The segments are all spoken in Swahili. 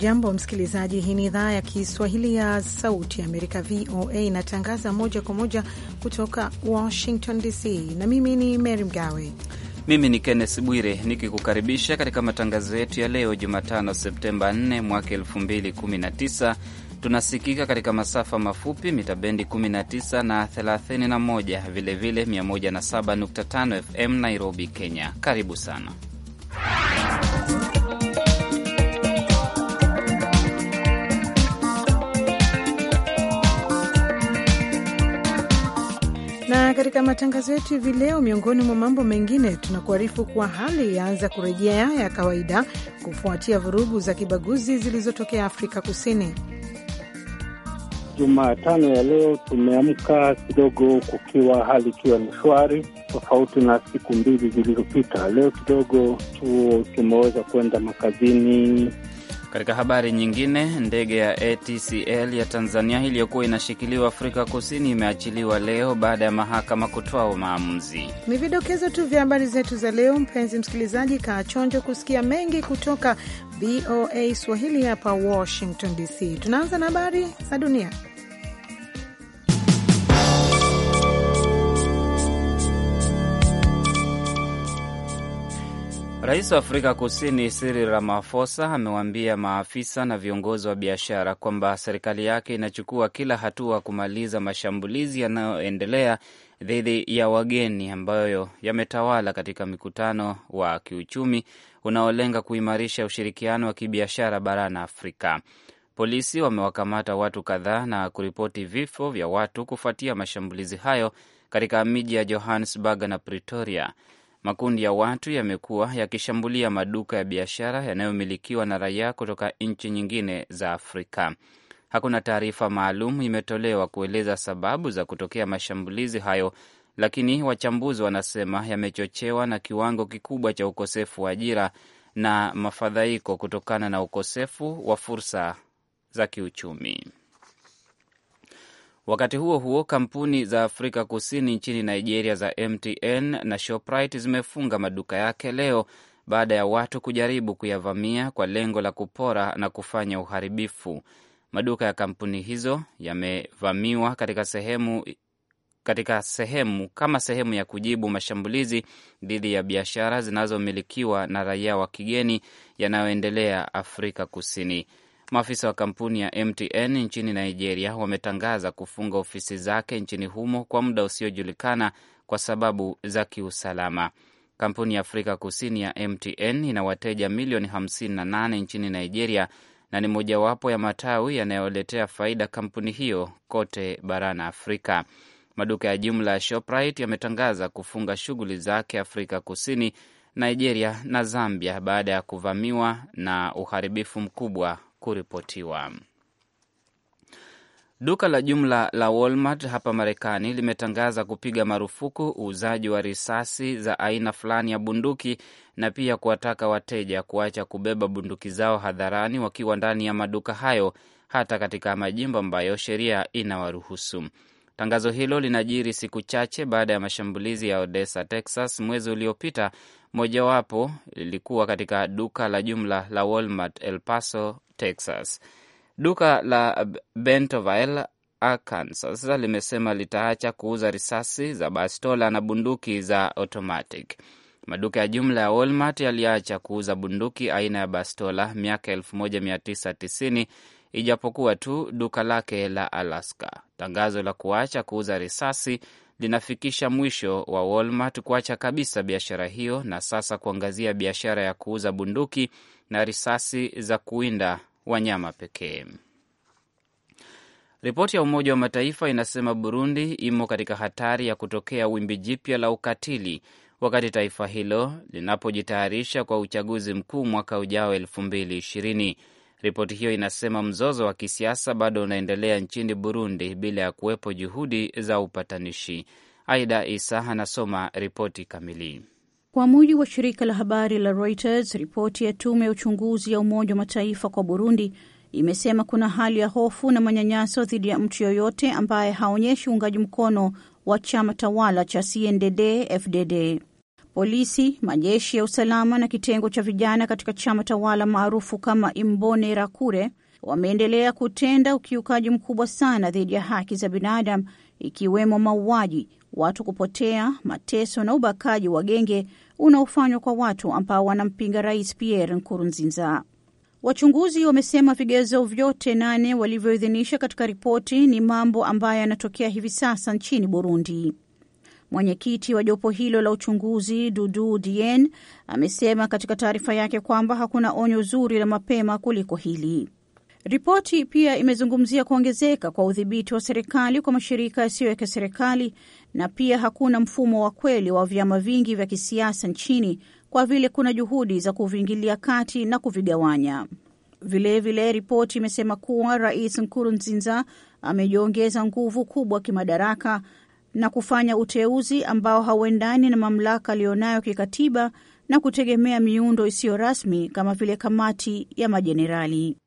Hujambo msikilizaji, hii ni idhaa ya Kiswahili ya Sauti ya Amerika, VOA, inatangaza moja kwa moja kutoka Washington DC, na mimi ni Mary Mgawe. Mimi ni Kenneth Bwire nikikukaribisha katika matangazo yetu ya leo Jumatano, Septemba 4 mwaka 2019. Tunasikika katika masafa mafupi mita bendi 19 na 31, vilevile 107.5 FM Nairobi, Kenya. Karibu sana katika matangazo yetu hivi leo, miongoni mwa mambo mengine, tunakuarifu kuwa hali yaanza kurejea ya kawaida kufuatia vurugu za kibaguzi zilizotokea Afrika Kusini. Jumatano ya leo tumeamka kidogo kukiwa hali ikiwa ni shwari, tofauti na siku mbili zilizopita. Leo kidogo tu tumeweza kwenda makazini katika habari nyingine, ndege ya ATCL ya Tanzania iliyokuwa inashikiliwa Afrika Kusini imeachiliwa leo baada ya mahakama kutoa maamuzi. Ni vidokezo tu vya habari zetu za leo. Mpenzi msikilizaji, kaa chonjo kusikia mengi kutoka VOA Swahili hapa Washington DC. Tunaanza na habari za dunia. Rais wa Afrika Kusini Cyril Ramaphosa amewaambia maafisa na viongozi wa biashara kwamba serikali yake inachukua kila hatua kumaliza mashambulizi yanayoendelea dhidi ya wageni ambayo yametawala katika mkutano wa kiuchumi unaolenga kuimarisha ushirikiano wa kibiashara barani Afrika. Polisi wamewakamata watu kadhaa na kuripoti vifo vya watu kufuatia mashambulizi hayo katika miji ya Johannesburg na Pretoria. Makundi ya watu yamekuwa yakishambulia maduka ya biashara yanayomilikiwa na raia kutoka nchi nyingine za Afrika. Hakuna taarifa maalum imetolewa kueleza sababu za kutokea mashambulizi hayo, lakini wachambuzi wanasema yamechochewa na kiwango kikubwa cha ukosefu wa ajira na mafadhaiko kutokana na ukosefu wa fursa za kiuchumi. Wakati huo huo, kampuni za Afrika Kusini nchini Nigeria za MTN na Shoprite zimefunga maduka yake leo baada ya watu kujaribu kuyavamia kwa lengo la kupora na kufanya uharibifu. Maduka ya kampuni hizo yamevamiwa katika sehemu katika sehemu kama sehemu ya kujibu mashambulizi dhidi ya biashara zinazomilikiwa na raia wa kigeni yanayoendelea Afrika Kusini. Maafisa wa kampuni ya MTN nchini Nigeria wametangaza kufunga ofisi zake nchini humo kwa muda usiojulikana kwa sababu za kiusalama. Kampuni ya Afrika Kusini ya MTN ina wateja milioni 58 nchini Nigeria na ni mojawapo ya matawi yanayoletea faida kampuni hiyo kote barani Afrika. Maduka ya jumla ya Shoprite yametangaza kufunga shughuli zake Afrika Kusini, Nigeria na Zambia baada ya kuvamiwa na uharibifu mkubwa kuripotiwa. Duka la jumla la Walmart hapa Marekani limetangaza kupiga marufuku uuzaji wa risasi za aina fulani ya bunduki na pia kuwataka wateja kuacha kubeba bunduki zao hadharani wakiwa ndani ya maduka hayo, hata katika majimbo ambayo sheria inawaruhusu. Tangazo hilo linajiri siku chache baada ya mashambulizi ya Odessa, Texas mwezi uliopita. Mojawapo lilikuwa katika duka la jumla la Walmart El Paso, Texas. Duka la Bentonville, Arkansas limesema litaacha kuuza risasi za bastola na bunduki za automatic. Maduka ya jumla ya Walmart yaliacha kuuza bunduki aina ya bastola miaka 1990 ijapokuwa tu duka lake la Alaska. Tangazo la kuacha kuuza risasi linafikisha mwisho wa Walmart kuacha kabisa biashara hiyo na sasa kuangazia biashara ya kuuza bunduki na risasi za kuinda wanyama pekee. Ripoti ya Umoja wa Mataifa inasema Burundi imo katika hatari ya kutokea wimbi jipya la ukatili wakati taifa hilo linapojitayarisha kwa uchaguzi mkuu mwaka ujao elfu mbili ishirini. Ripoti hiyo inasema mzozo wa kisiasa bado unaendelea nchini Burundi bila ya kuwepo juhudi za upatanishi. Aida Isa anasoma ripoti kamili. Kwa mujibu wa shirika la habari la Reuters, ripoti ya tume ya uchunguzi ya Umoja wa Mataifa kwa Burundi imesema kuna hali ya hofu na manyanyaso dhidi ya mtu yoyote ambaye haonyeshi uungaji mkono wa chama tawala cha CNDD-FDD. Polisi, majeshi ya usalama na kitengo cha vijana katika chama tawala maarufu kama Imbonerakure wameendelea kutenda ukiukaji mkubwa sana dhidi ya haki za binadamu, ikiwemo mauaji, watu kupotea, mateso na ubakaji wa genge unaofanywa kwa watu ambao wanampinga Rais Pierre Nkurunziza. Wachunguzi wamesema vigezo vyote nane walivyoidhinisha katika ripoti ni mambo ambayo yanatokea hivi sasa nchini Burundi. Mwenyekiti wa jopo hilo la uchunguzi Dudu Dien amesema katika taarifa yake kwamba hakuna onyo zuri la mapema kuliko hili. Ripoti pia imezungumzia kuongezeka kwa udhibiti wa serikali kwa mashirika yasiyo ya kiserikali na pia hakuna mfumo wa kweli wa vyama vingi vya kisiasa nchini kwa vile kuna juhudi za kuviingilia kati na kuvigawanya. Vilevile, ripoti imesema kuwa Rais Nkurunziza amejiongeza nguvu kubwa kimadaraka na kufanya uteuzi ambao hauendani na mamlaka aliyonayo kikatiba na kutegemea miundo isiyo rasmi kama vile kamati ya majenerali.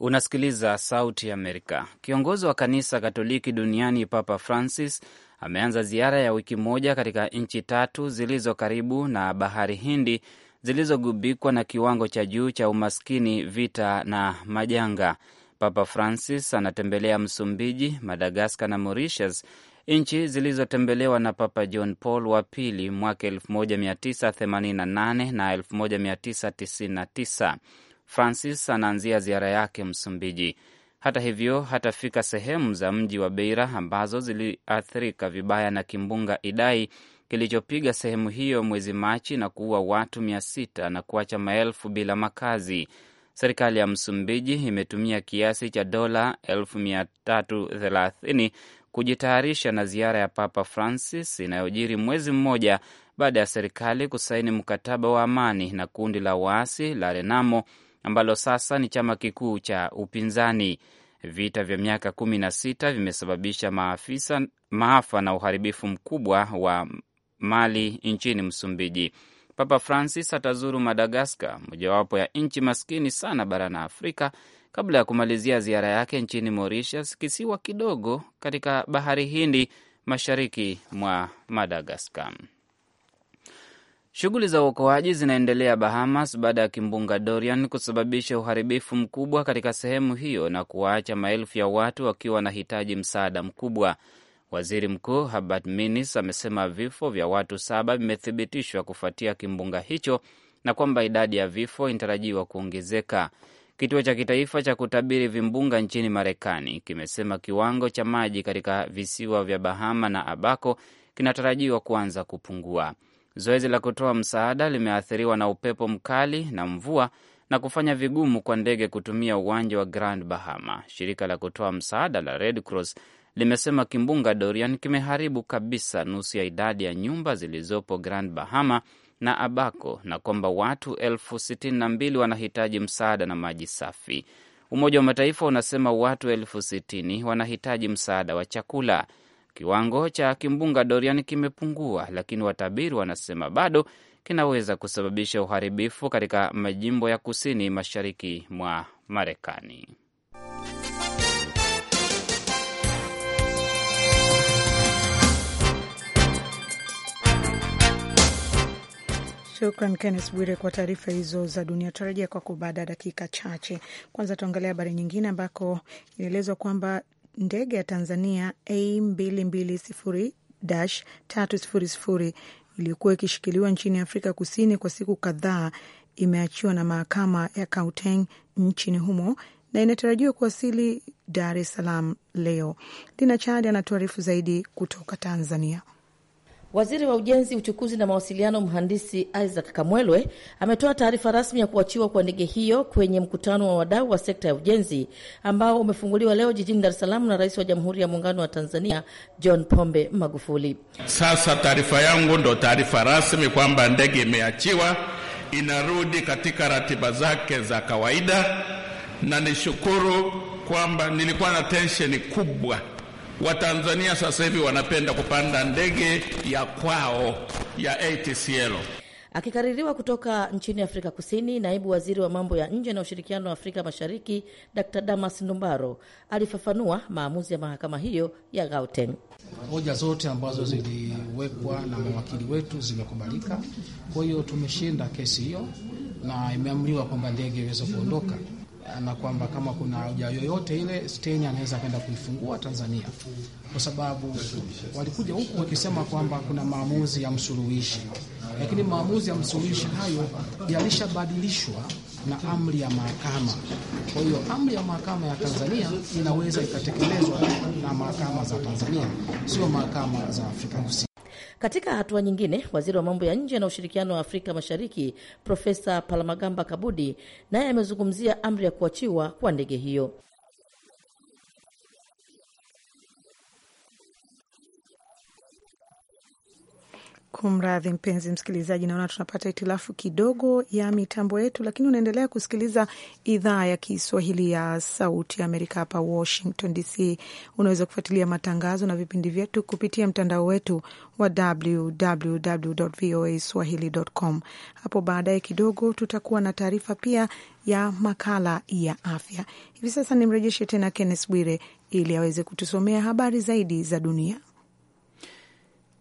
Unasikiliza Sauti Amerika. Kiongozi wa kanisa Katoliki duniani Papa Francis ameanza ziara ya wiki moja katika nchi tatu zilizo karibu na bahari Hindi zilizogubikwa na kiwango cha juu cha umaskini, vita na majanga. Papa Francis anatembelea Msumbiji, Madagaskar na Mauritius, nchi zilizotembelewa na Papa John Paul wa pili mwaka 1988 na 1999. Francis anaanzia ziara yake Msumbiji. Hata hivyo, hatafika sehemu za mji wa Beira ambazo ziliathirika vibaya na kimbunga Idai kilichopiga sehemu hiyo mwezi Machi na kuua watu mia sita na kuacha maelfu bila makazi. Serikali ya Msumbiji imetumia kiasi cha dola elfu mia tatu thelathini kujitayarisha na ziara ya Papa Francis inayojiri mwezi mmoja baada ya serikali kusaini mkataba wa amani na kundi la waasi la Renamo ambalo sasa ni chama kikuu cha upinzani. Vita vya miaka kumi na sita vimesababisha maafisa, maafa na uharibifu mkubwa wa mali nchini Msumbiji. Papa Francis atazuru Madagaskar, mojawapo ya nchi maskini sana barani Afrika, kabla ya kumalizia ziara yake nchini Mauritius, kisiwa kidogo katika bahari Hindi, mashariki mwa Madagaskar. Shughuli za uokoaji zinaendelea Bahamas baada ya kimbunga Dorian kusababisha uharibifu mkubwa katika sehemu hiyo na kuwaacha maelfu ya watu wakiwa wanahitaji msaada mkubwa. Waziri Mkuu Hubert Minnis amesema vifo vya watu saba vimethibitishwa kufuatia kimbunga hicho na kwamba idadi ya vifo inatarajiwa kuongezeka. Kituo cha kitaifa cha kutabiri vimbunga nchini Marekani kimesema kiwango cha maji katika visiwa vya Bahama na Abako kinatarajiwa kuanza kupungua. Zoezi la kutoa msaada limeathiriwa na upepo mkali na mvua na kufanya vigumu kwa ndege kutumia uwanja wa Grand Bahama. Shirika la kutoa msaada la Red Cross limesema kimbunga Dorian kimeharibu kabisa nusu ya idadi ya nyumba zilizopo Grand Bahama na Abaco na kwamba watu elfu sitini na mbili wanahitaji msaada na maji safi. Umoja wa Mataifa unasema watu elfu sitini wanahitaji msaada wa chakula. Kiwango cha kimbunga Dorian kimepungua, lakini watabiri wanasema bado kinaweza kusababisha uharibifu katika majimbo ya kusini mashariki mwa Marekani. Shukran Kennes Bwire kwa taarifa hizo za dunia. Tutarejea kwako baada ya dakika chache. Kwanza tuangalia habari nyingine, ambako inaelezwa kwamba ndege ya Tanzania A220-300 iliyokuwa ikishikiliwa nchini Afrika Kusini kwa siku kadhaa imeachiwa na mahakama ya Kauteng nchini humo na inatarajiwa kuwasili Dar es Salaam leo. Dina Chadi anatuarifu zaidi kutoka Tanzania. Waziri wa Ujenzi, Uchukuzi na Mawasiliano, Mhandisi Isaac Kamwelwe ametoa taarifa rasmi ya kuachiwa kwa ndege hiyo kwenye mkutano wa wadau wa sekta ya ujenzi ambao umefunguliwa leo jijini Dar es Salaam na Rais wa Jamhuri ya Muungano wa Tanzania John Pombe Magufuli. Sasa taarifa yangu ndo taarifa rasmi kwamba ndege imeachiwa, inarudi katika ratiba zake za kawaida, na nishukuru kwamba nilikuwa na tensheni kubwa Watanzania sasa hivi wanapenda kupanda ndege ya kwao ya ATCL. Akikaririwa kutoka nchini Afrika Kusini, naibu waziri wa mambo ya nje na ushirikiano wa Afrika Mashariki Dr Damas Ndumbaro alifafanua maamuzi ya mahakama hiyo ya Gauteng. Hoja zote ambazo ziliwekwa na mawakili wetu zimekubalika, kwa hiyo tumeshinda kesi hiyo na imeamriwa kwamba ndege iweze kuondoka na kwamba kama kuna hoja yoyote ile Stein anaweza kwenda kuifungua Tanzania, kwa sababu walikuja huku wakisema kwamba kuna maamuzi ya msuluhishi, lakini maamuzi ya msuluhishi hayo yalishabadilishwa na amri ya mahakama. Kwa hiyo amri ya mahakama ya Tanzania inaweza ikatekelezwa na mahakama za Tanzania, sio mahakama za Afrika Kusini. Katika hatua nyingine, waziri wa mambo ya nje na ushirikiano wa Afrika Mashariki Profesa Palamagamba Kabudi naye amezungumzia amri ya kuachiwa kwa ndege hiyo. Kumradhi mpenzi msikilizaji, naona tunapata hitilafu kidogo ya mitambo yetu, lakini unaendelea kusikiliza idhaa ya Kiswahili ya Sauti ya Amerika hapa Washington DC. Unaweza kufuatilia matangazo na vipindi vyetu kupitia mtandao wetu wa www voa swahilicom Hapo baadaye kidogo tutakuwa na taarifa pia ya makala ya afya. Hivi sasa nimrejeshe tena Kenneth Bwire ili aweze kutusomea habari zaidi za dunia.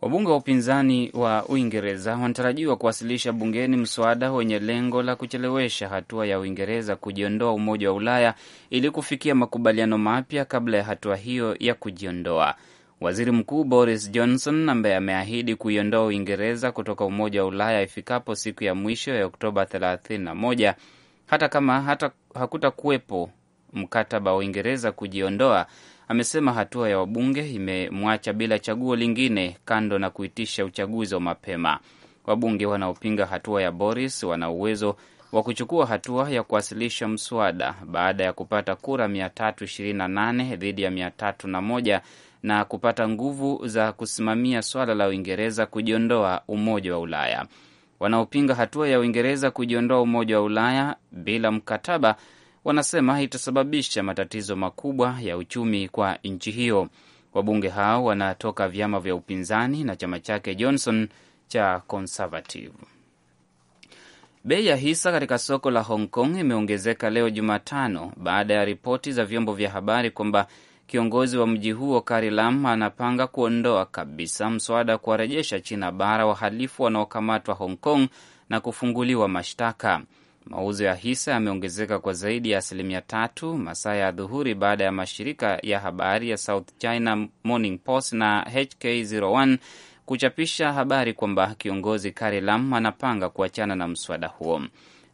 Wabunge wa upinzani wa Uingereza wanatarajiwa kuwasilisha bungeni mswada wenye lengo la kuchelewesha hatua ya Uingereza kujiondoa Umoja wa Ulaya ili kufikia makubaliano mapya kabla ya hatua hiyo ya kujiondoa. Waziri Mkuu Boris Johnson ambaye ameahidi kuiondoa Uingereza kutoka Umoja wa Ulaya ifikapo siku ya mwisho ya Oktoba 31 hata kama hata hakutakuwepo mkataba wa Uingereza kujiondoa amesema hatua ya wabunge imemwacha bila chaguo lingine kando na kuitisha uchaguzi wa mapema. Wabunge wanaopinga hatua ya Boris wana uwezo wa kuchukua hatua ya kuwasilisha mswada baada ya kupata kura 328 dhidi ya 301 na kupata nguvu za kusimamia swala la Uingereza kujiondoa Umoja wa Ulaya. Wanaopinga hatua ya Uingereza kujiondoa Umoja wa Ulaya bila mkataba wanasema itasababisha matatizo makubwa ya uchumi kwa nchi hiyo. Wabunge hao wanatoka vyama vya upinzani na chama chake Johnson cha Conservative. Bei ya hisa katika soko la Hong Kong imeongezeka leo Jumatano baada ya ripoti za vyombo vya habari kwamba kiongozi wa mji huo Carrie Lam anapanga kuondoa kabisa mswada wa kuwarejesha China bara wahalifu wanaokamatwa Hong Kong na kufunguliwa mashtaka. Mauzo ya hisa yameongezeka kwa zaidi ya asilimia tatu masaa ya dhuhuri baada ya mashirika ya habari ya South China Morning Post na HK01 kuchapisha habari kwamba kiongozi Carrie Lam anapanga kuachana na mswada huo.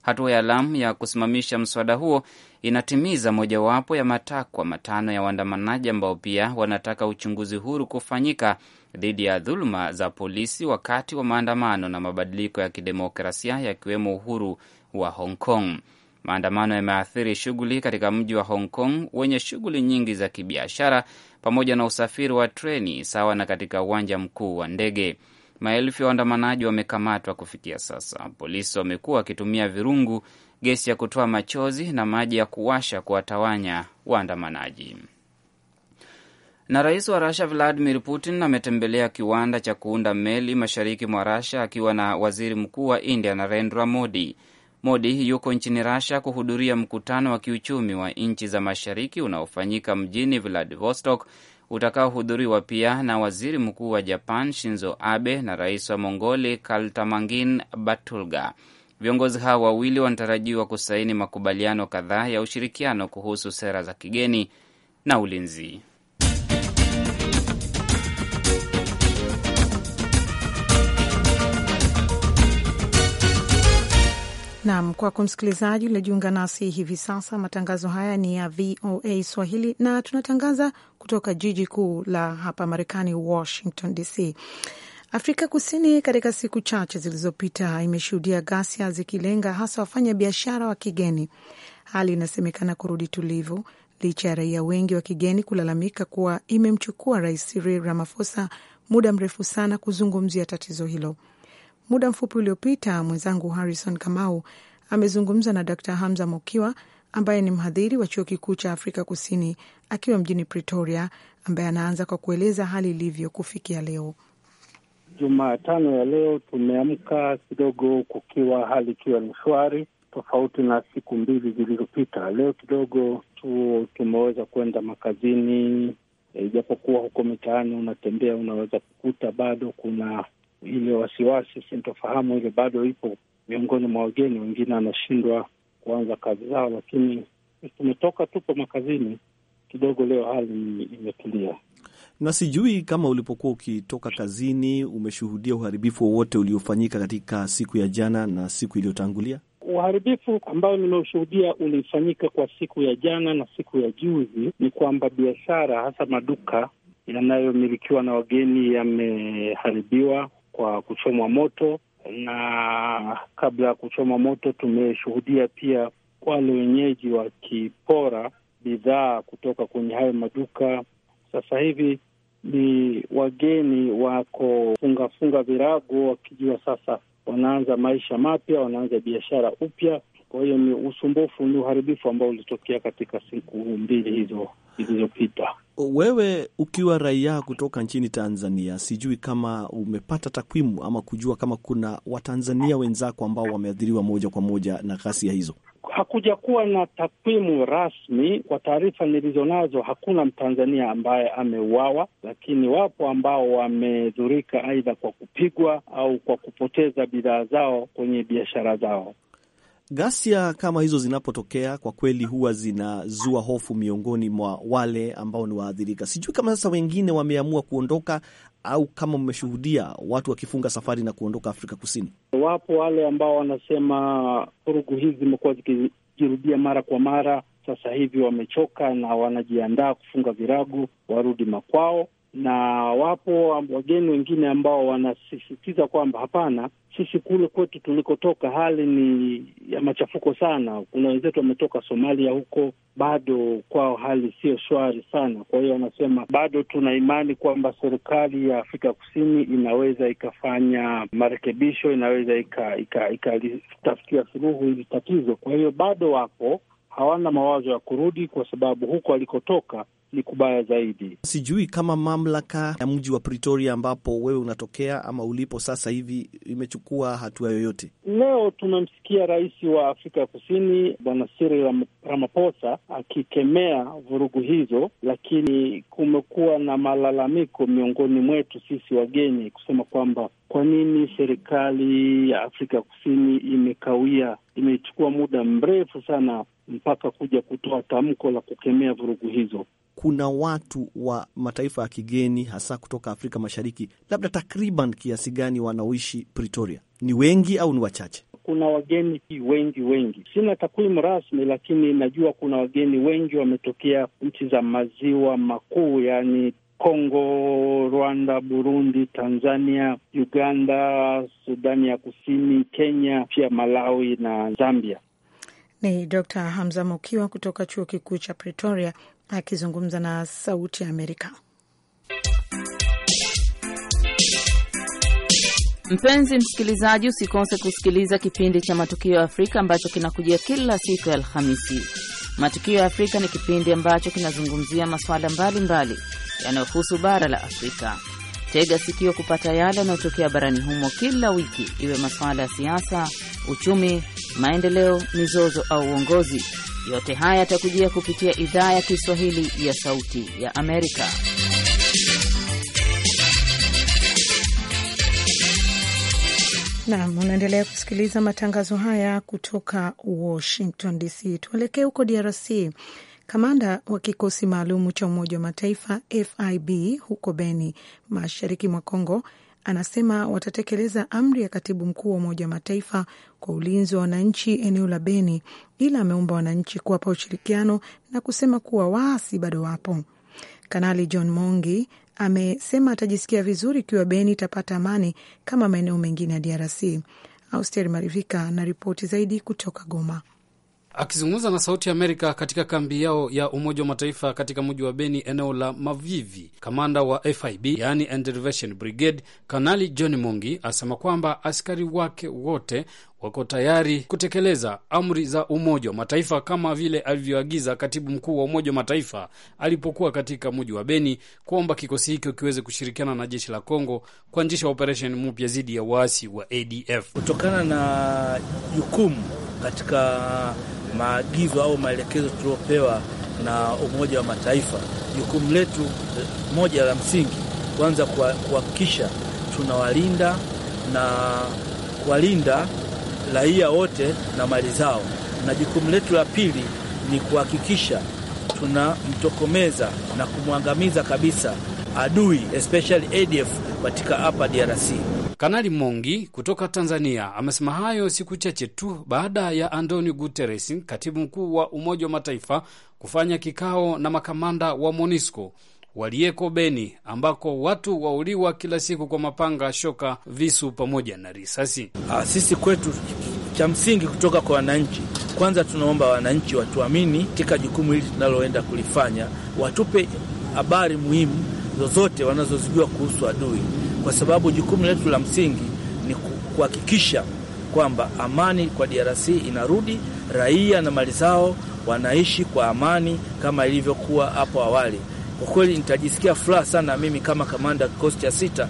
Hatua ya Lam ya kusimamisha mswada huo inatimiza mojawapo ya matakwa matano ya waandamanaji ambao pia wanataka uchunguzi huru kufanyika dhidi ya dhuluma za polisi wakati wa maandamano na mabadiliko ya kidemokrasia yakiwemo uhuru wa Hong Kong. Maandamano yameathiri shughuli katika mji wa Hong Kong wenye shughuli nyingi za kibiashara pamoja na usafiri wa treni sawa na katika uwanja mkuu wa ndege. Maelfu ya waandamanaji wamekamatwa kufikia sasa. Polisi wamekuwa wakitumia virungu, gesi ya kutoa machozi na maji ya kuwasha kuwatawanya waandamanaji. Na rais wa rusia Vladimir Putin ametembelea kiwanda cha kuunda meli mashariki mwa rasia akiwa na waziri mkuu wa India Narendra Modi. Modi yuko nchini Russia kuhudhuria mkutano wa kiuchumi wa nchi za mashariki unaofanyika mjini Vladivostok, utakaohudhuriwa pia na waziri mkuu wa Japan Shinzo Abe na rais wa Mongoli Kaltamangin Batulga. Viongozi hao wawili wanatarajiwa kusaini makubaliano kadhaa ya ushirikiano kuhusu sera za kigeni na ulinzi. Nam kwa kumsikilizaji unajiunga nasi hivi sasa, matangazo haya ni ya VOA Swahili na tunatangaza kutoka jiji kuu la hapa Marekani, Washington DC. Afrika Kusini katika siku chache zilizopita imeshuhudia ghasia zikilenga hasa wafanya biashara wa kigeni. Hali inasemekana kurudi tulivu licha ya raia wengi wa kigeni kulalamika kuwa imemchukua Rais Cyril Ramaphosa muda mrefu sana kuzungumzia tatizo hilo. Muda mfupi uliopita mwenzangu Harrison Kamau amezungumza na Dr Hamza Mokiwa ambaye ni mhadhiri wa chuo kikuu cha Afrika Kusini akiwa mjini Pretoria, ambaye anaanza kwa kueleza hali ilivyo kufikia leo. Jumatano ya leo tumeamka kidogo kukiwa hali ikiwa ni shwari, tofauti na siku mbili zilizopita. Leo kidogo tu tumeweza kwenda makazini, eh, ijapokuwa e, huko mitaani unatembea, unaweza kukuta bado kuna ile wasiwasi, sintofahamu ile bado ipo miongoni mwa wageni wengine, anashindwa kuanza kazi zao, lakini tumetoka, tupo makazini kidogo. Leo hali imetulia, na sijui kama ulipokuwa ukitoka kazini umeshuhudia uharibifu wowote uliofanyika katika siku ya jana na siku iliyotangulia. Uharibifu ambao nimeushuhudia ulifanyika kwa siku ya jana na siku ya juzi ni kwamba biashara hasa maduka yanayomilikiwa na wageni yameharibiwa kwa kuchomwa moto, na kabla ya kuchoma moto tumeshuhudia pia wale wenyeji wakipora bidhaa kutoka kwenye hayo maduka. Sasa hivi ni wageni wako fungafunga virago, wakijua sasa wanaanza maisha mapya, wanaanza biashara upya, kwa hiyo ni usumbufu, ni uharibifu ambao ulitokea katika siku mbili hizo zilizopita. Wewe ukiwa raia kutoka nchini Tanzania, sijui kama umepata takwimu ama kujua kama kuna Watanzania wenzako ambao wameathiriwa moja kwa moja na ghasia hizo? Hakuja kuwa na takwimu rasmi. Kwa taarifa nilizonazo, hakuna Mtanzania ambaye ameuawa, lakini wapo ambao wamedhurika, aidha kwa kupigwa au kwa kupoteza bidhaa zao kwenye biashara zao. Ghasia kama hizo zinapotokea, kwa kweli huwa zinazua hofu miongoni mwa wale ambao ni waathirika. Sijui kama sasa wengine wameamua kuondoka au kama mmeshuhudia watu wakifunga safari na kuondoka Afrika Kusini. Wapo wale ambao wanasema vurugu hizi zimekuwa zikijirudia mara kwa mara, sasa hivi wamechoka na wanajiandaa kufunga virago warudi makwao, na wapo wageni wengine ambao wanasisitiza kwamba hapana, sisi kule kwetu tulikotoka hali ni ya machafuko sana. Kuna wenzetu wametoka Somalia, huko bado kwao hali sio shwari sana. Kwa hiyo wanasema bado tuna imani kwamba serikali ya Afrika Kusini inaweza ikafanya marekebisho, inaweza ikalitafutia suluhu hili tatizo. Kwa hiyo bado wapo hawana mawazo ya kurudi, kwa sababu huko walikotoka ni kubaya zaidi. Sijui kama mamlaka ya mji wa Pretoria ambapo wewe unatokea ama ulipo sasa hivi imechukua hatua yoyote. Leo tumemsikia rais wa Afrika ya Kusini Bwana Cyril Ramaphosa akikemea vurugu hizo, lakini kumekuwa na malalamiko miongoni mwetu sisi wageni kusema kwamba kwa nini serikali ya Afrika ya Kusini imekawia, imechukua muda mrefu sana mpaka kuja kutoa tamko la kukemea vurugu hizo kuna watu wa mataifa ya kigeni hasa kutoka Afrika Mashariki, labda takriban kiasi gani wanaoishi Pretoria? Ni wengi au ni wachache? Kuna wageni wengi wengi, sina takwimu rasmi, lakini najua kuna wageni wengi wametokea nchi za maziwa makuu, yaani Kongo, Rwanda, Burundi, Tanzania, Uganda, Sudani ya Kusini, Kenya, pia Malawi na Zambia. Ni Dr Hamza Mokiwa kutoka chuo kikuu cha Pretoria akizungumza na Sauti ya Amerika. Mpenzi msikilizaji, usikose kusikiliza kipindi cha Matukio ya Afrika ambacho kinakujia kila siku ya Alhamisi. Matukio ya Afrika ni kipindi ambacho kinazungumzia masuala mbalimbali yanayohusu bara la Afrika. Tega sikio kupata yale yanayotokea barani humo kila wiki, iwe masuala ya siasa, uchumi, maendeleo, mizozo au uongozi. Yote haya yatakujia kupitia idhaa ya Kiswahili ya Sauti ya Amerika. Nam, unaendelea kusikiliza matangazo haya kutoka Washington DC. Tuelekee huko DRC. Kamanda wa kikosi maalum cha Umoja wa Mataifa FIB huko Beni, mashariki mwa Kongo, anasema watatekeleza amri ya katibu mkuu wa Umoja wa Mataifa kwa ulinzi wa wananchi eneo la Beni, ila ameomba wananchi kuwapa ushirikiano na kusema kuwa waasi bado wapo. Kanali John Mongi amesema atajisikia vizuri ikiwa Beni itapata amani kama maeneo mengine ya DRC. Austeri Marivika na ripoti zaidi kutoka Goma. Akizungumza na Sauti ya Amerika katika kambi yao ya Umoja wa Mataifa katika mji wa Beni, eneo la Mavivi, kamanda wa FIB yani Intervention Brigade, Kanali John Mongi asema kwamba askari wake wote wako tayari kutekeleza amri za Umoja wa Mataifa kama vile alivyoagiza katibu mkuu wa Umoja wa Mataifa alipokuwa katika mji wa Beni kuomba kikosi hicho kiweze kushirikiana na jeshi la Kongo kuanzisha operesheni mpya dhidi ya waasi wa ADF kutokana na jukumu katika maagizo au maelekezo tuliopewa na Umoja wa Mataifa. Jukumu letu eh, moja la msingi, kwanza kuhakikisha tunawalinda na kuwalinda raia wote na mali zao, na jukumu letu la pili ni kuhakikisha tunamtokomeza na kumwangamiza kabisa adui especially ADF katika hapa DRC. Kanali Mongi kutoka Tanzania amesema hayo siku chache tu baada ya Antonio Guterres, katibu mkuu wa Umoja wa Mataifa, kufanya kikao na makamanda wa MONUSCO waliyeko Beni ambako watu wauliwa kila siku kwa mapanga, shoka, visu pamoja na risasi. Ah, sisi kwetu cha msingi kutoka kwa wananchi, kwanza tunaomba wananchi watuamini katika jukumu hili tunaloenda kulifanya, watupe habari muhimu zozote wanazozijua kuhusu adui kwa sababu jukumu letu la msingi ni kuhakikisha kwamba amani kwa DRC inarudi, raia na mali zao wanaishi kwa amani kama ilivyokuwa hapo awali. Kwa kweli nitajisikia furaha sana mimi kama kamanda kikosi cha sita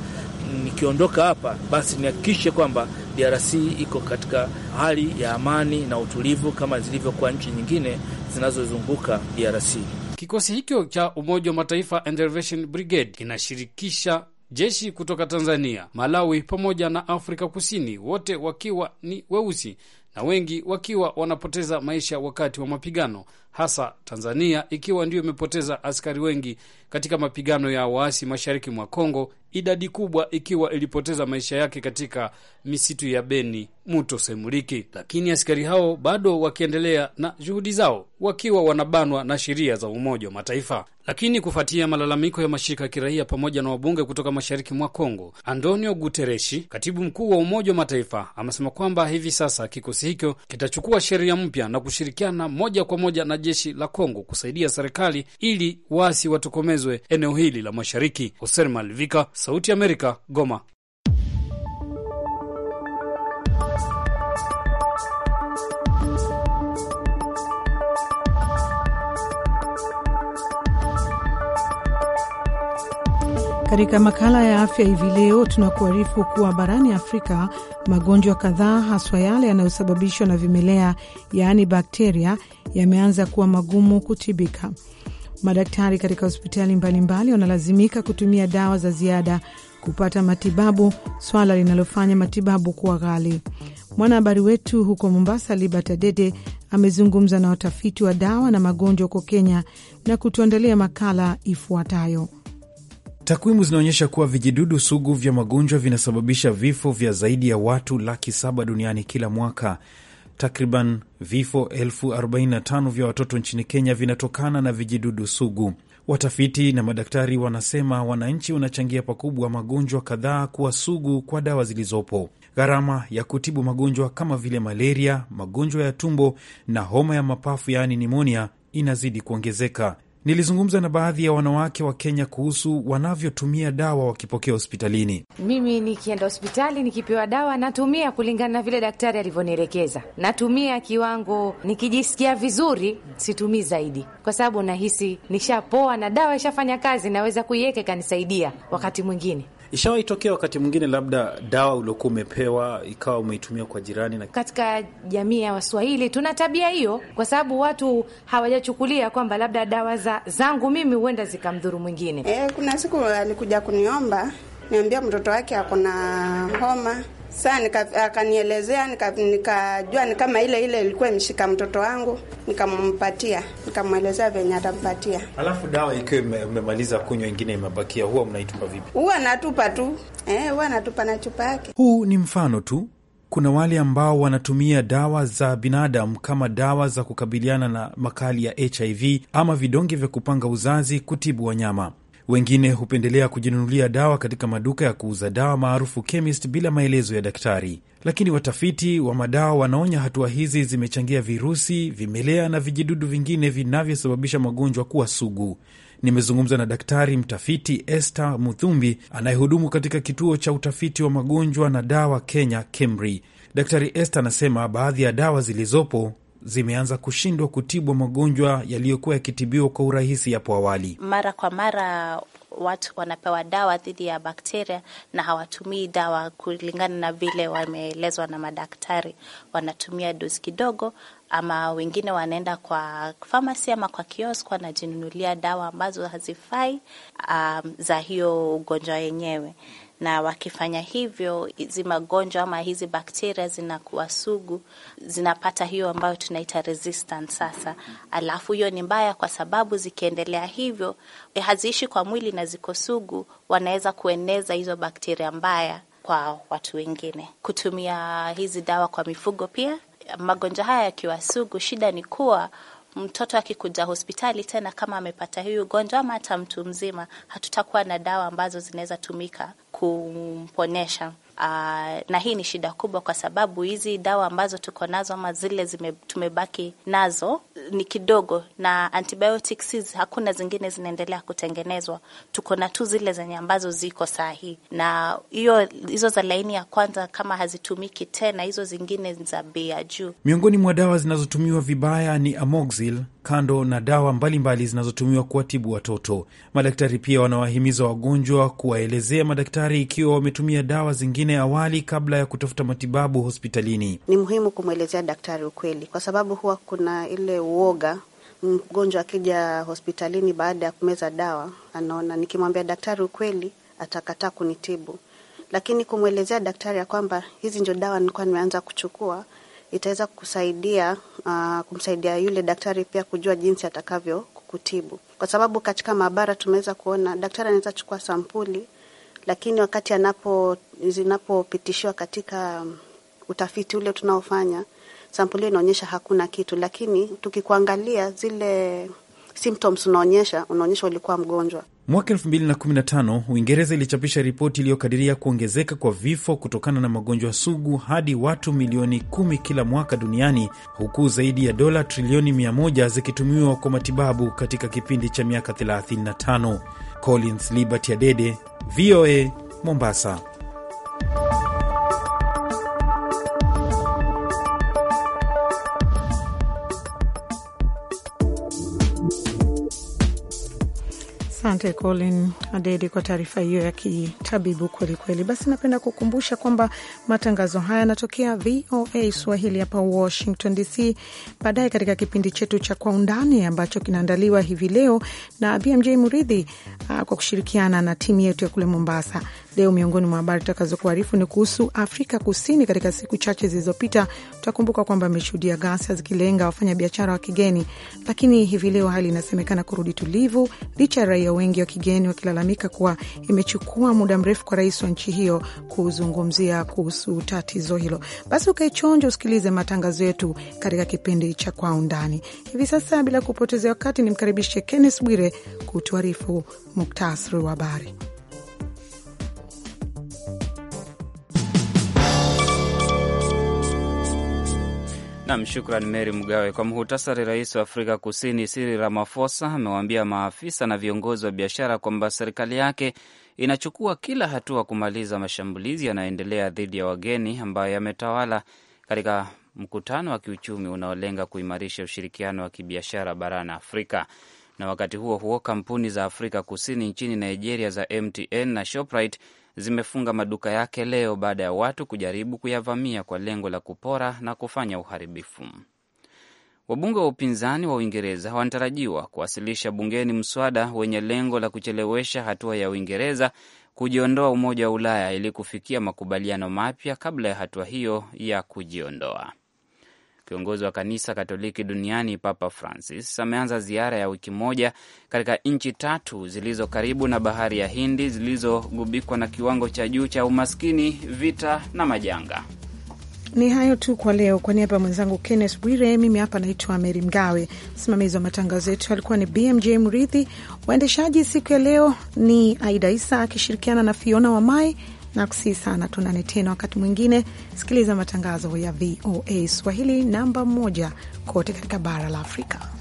nikiondoka hapa, basi nihakikishe kwamba DRC iko katika hali ya amani na utulivu kama zilivyokuwa nchi nyingine zinazozunguka DRC. Kikosi hicho cha Umoja wa Mataifa Intervention Brigade kinashirikisha jeshi kutoka Tanzania, Malawi pamoja na Afrika Kusini, wote wakiwa ni weusi na wengi wakiwa wanapoteza maisha wakati wa mapigano, hasa Tanzania ikiwa ndiyo imepoteza askari wengi katika mapigano ya waasi mashariki mwa Kongo, idadi kubwa ikiwa ilipoteza maisha yake katika misitu ya Beni Mutosemuliki. Lakini askari hao bado wakiendelea na juhudi zao wakiwa wanabanwa na sheria za Umoja wa Mataifa. Lakini kufuatia malalamiko ya mashirika ya kiraia pamoja na wabunge kutoka mashariki mwa Kongo, Antonio Gutereshi, katibu mkuu wa Umoja wa Mataifa, amesema kwamba hivi sasa kikosi hicho kitachukua sheria mpya na kushirikiana moja kwa moja na jeshi la Kongo kusaidia serikali ili waasi watokomezwe eneo hili la mashariki. Malvika, Sauti ya Amerika, Goma. Katika makala ya afya hivi leo, tunakuarifu kuwa barani Afrika magonjwa kadhaa haswa yale yanayosababishwa na vimelea, yaani bakteria, yameanza kuwa magumu kutibika. Madaktari katika hospitali mbalimbali wanalazimika kutumia dawa za ziada kupata matibabu, swala linalofanya matibabu kuwa ghali. Mwanahabari wetu huko Mombasa, Libert Adede, amezungumza na watafiti wa dawa na magonjwa huko Kenya na kutuandalia makala ifuatayo. Takwimu zinaonyesha kuwa vijidudu sugu vya magonjwa vinasababisha vifo vya zaidi ya watu laki saba duniani kila mwaka. Takriban vifo elfu 45 vya watoto nchini Kenya vinatokana na vijidudu sugu. Watafiti na madaktari wanasema wananchi wanachangia pakubwa magonjwa kadhaa kuwa sugu kwa dawa zilizopo. Gharama ya kutibu magonjwa kama vile malaria, magonjwa ya tumbo na homa ya mapafu, yaani nimonia, inazidi kuongezeka. Nilizungumza na baadhi ya wanawake wa Kenya kuhusu wanavyotumia dawa wakipokea hospitalini. Mimi nikienda hospitali nikipewa dawa natumia kulingana na vile daktari alivyonielekeza, natumia kiwango. Nikijisikia vizuri situmii zaidi, kwa sababu nahisi nishapoa na dawa ishafanya kazi, naweza kuiweka ikanisaidia wakati mwingine ishawaitokea tokea wakati mwingine, labda dawa uliokuwa umepewa ikawa umeitumia kwa jirani? Na katika jamii ya Waswahili tuna tabia hiyo, kwa sababu watu hawajachukulia kwamba labda dawa za zangu mimi huenda zikamdhuru mwingine. E, kuna siku alikuja kuniomba niambia mtoto wake ako na homa Saa ah, akanielezea nika, nikajua ni kama ile ile ilikuwa imshika mtoto wangu, nikampatia nikamwelezea venye atampatia. Alafu dawa ikiwa imemaliza kunywa, ingine imebakia, huwa mnaitupa vipi? Huwa natupa tu eh, huwa natupa na chupa yake. Huu ni mfano tu. Kuna wale ambao wanatumia dawa za binadamu kama dawa za kukabiliana na makali ya HIV ama vidonge vya kupanga uzazi kutibu wanyama. Wengine hupendelea kujinunulia dawa katika maduka ya kuuza dawa maarufu chemist, bila maelezo ya daktari. Lakini watafiti wa madawa wanaonya hatua hizi zimechangia virusi, vimelea na vijidudu vingine vinavyosababisha magonjwa kuwa sugu. Nimezungumza na daktari mtafiti Esther Muthumbi anayehudumu katika kituo cha utafiti wa magonjwa na dawa Kenya KEMRI. Daktari Esther anasema baadhi ya dawa zilizopo zimeanza kushindwa kutibwa magonjwa yaliyokuwa yakitibiwa kwa urahisi hapo awali. Mara kwa mara watu wanapewa dawa dhidi ya bakteria na hawatumii dawa kulingana na vile wameelezwa na madaktari. Wanatumia dozi kidogo, ama wengine wanaenda kwa famasi ama kwa kiosk, wanajinunulia dawa ambazo hazifai um, za hiyo ugonjwa wenyewe na wakifanya hivyo, hizi magonjwa ama hizi bakteria zinakuwa sugu, zinapata hiyo ambayo tunaita resistant Sasa alafu hiyo ni mbaya, kwa sababu zikiendelea hivyo haziishi kwa mwili na ziko sugu, wanaweza kueneza hizo bakteria mbaya kwa watu wengine. Kutumia hizi dawa kwa mifugo pia, magonjwa haya yakiwa sugu, shida ni kuwa mtoto akikuja hospitali tena, kama amepata hiyo ugonjwa ama hata mtu mzima, hatutakuwa na dawa ambazo zinaweza tumika kumponesha. Uh, na hii ni shida kubwa kwa sababu hizi dawa ambazo tuko nazo ama zile zime, tumebaki nazo ni kidogo, na antibiotics hizi hakuna zingine zinaendelea kutengenezwa. Tuko na tu zile zenye ambazo ziko saa hii, na hiyo hizo za laini ya kwanza kama hazitumiki tena, hizo zingine za bei ya juu. Miongoni mwa dawa zinazotumiwa vibaya ni amoxil kando na dawa mbalimbali zinazotumiwa kuwatibu watoto. Madaktari pia wanawahimiza wagonjwa kuwaelezea madaktari ikiwa wametumia dawa zingine awali kabla ya kutafuta matibabu hospitalini. Ni muhimu kumwelezea daktari ukweli, kwa sababu huwa kuna ile uoga mgonjwa akija hospitalini baada ya kumeza dawa, anaona nikimwambia daktari ukweli atakataa kunitibu, lakini kumwelezea daktari ya kwamba hizi ndio dawa nilikuwa nimeanza kuchukua itaweza kusaidia uh, ah, kumsaidia yule daktari pia kujua jinsi atakavyo kukutibu, kwa sababu katika maabara tumeweza kuona daktari anaweza chukua sampuli, lakini wakati anapo zinapopitishiwa katika mm, utafiti ule tunaofanya, sampuli inaonyesha hakuna kitu, lakini tukikuangalia zile symptoms unaonyesha unaonyesha ulikuwa mgonjwa. Mwaka 2015 Uingereza ilichapisha ripoti iliyokadiria kuongezeka kwa vifo kutokana na magonjwa sugu hadi watu milioni 10 kila mwaka duniani, huku zaidi ya dola trilioni 100 zikitumiwa kwa matibabu katika kipindi cha miaka 35. Collins Liberty Adede, VOA, Mombasa. Asante Colin Adedi kwa taarifa hiyo ya kitabibu kwelikweli. Basi napenda kukumbusha kwamba matangazo haya yanatokea VOA Swahili hapa Washington DC. Baadaye katika kipindi chetu cha Kwa Undani ambacho kinaandaliwa hivi leo na BMJ Muridhi uh, kwa kushirikiana na timu yetu ya kule Mombasa, Leo miongoni mwa habari tutakazokuarifu ni kuhusu Afrika Kusini. Katika siku chache zilizopita, tutakumbuka kwamba ameshuhudia ghasia zikilenga wafanyabiashara wa kigeni, lakini hivi leo hali inasemekana kurudi tulivu, licha ya raia wengi wa kigeni wakilalamika kuwa imechukua muda mrefu kwa rais wa nchi hiyo kuzungumzia kuhusu tatizo hilo. Basi ukaichonja, usikilize matangazo yetu katika kipindi cha Kwa Undani hivi sasa. Bila kupotezea wakati, nimkaribishe Kenneth Bwire kutuarifu muktasari wa habari. Nam, shukran Mary Mgawe kwa muhutasari. Rais wa Afrika Kusini Cyril Ramaphosa amewaambia maafisa na viongozi wa biashara kwamba serikali yake inachukua kila hatua kumaliza mashambulizi yanayoendelea dhidi ya wageni ambayo yametawala katika mkutano wa kiuchumi unaolenga kuimarisha ushirikiano wa kibiashara barani Afrika na wakati huo huo kampuni za Afrika Kusini nchini Nigeria za MTN na Shoprite zimefunga maduka yake leo baada ya watu kujaribu kuyavamia kwa lengo la kupora na kufanya uharibifu. Wabunge wa upinzani wa Uingereza wanatarajiwa kuwasilisha bungeni mswada wenye lengo la kuchelewesha hatua ya Uingereza kujiondoa Umoja wa Ulaya ili kufikia makubaliano mapya kabla ya hatua hiyo ya kujiondoa. Kiongozi wa kanisa Katoliki duniani Papa Francis ameanza ziara ya wiki moja katika nchi tatu zilizo karibu na bahari ya Hindi zilizogubikwa na kiwango cha juu cha umaskini, vita na majanga. Ni hayo tu kwa leo. Kwa niaba ya mwenzangu Kennes Bwire, mimi hapa naitwa Meri Mgawe. Msimamizi wa matangazo yetu alikuwa ni BMJ Mridhi. Waendeshaji siku ya leo ni Aida Isa akishirikiana na Fiona Wamai na kusii sana, tunane tena wakati mwingine. Sikiliza matangazo ya VOA Swahili namba moja kote katika bara la Afrika.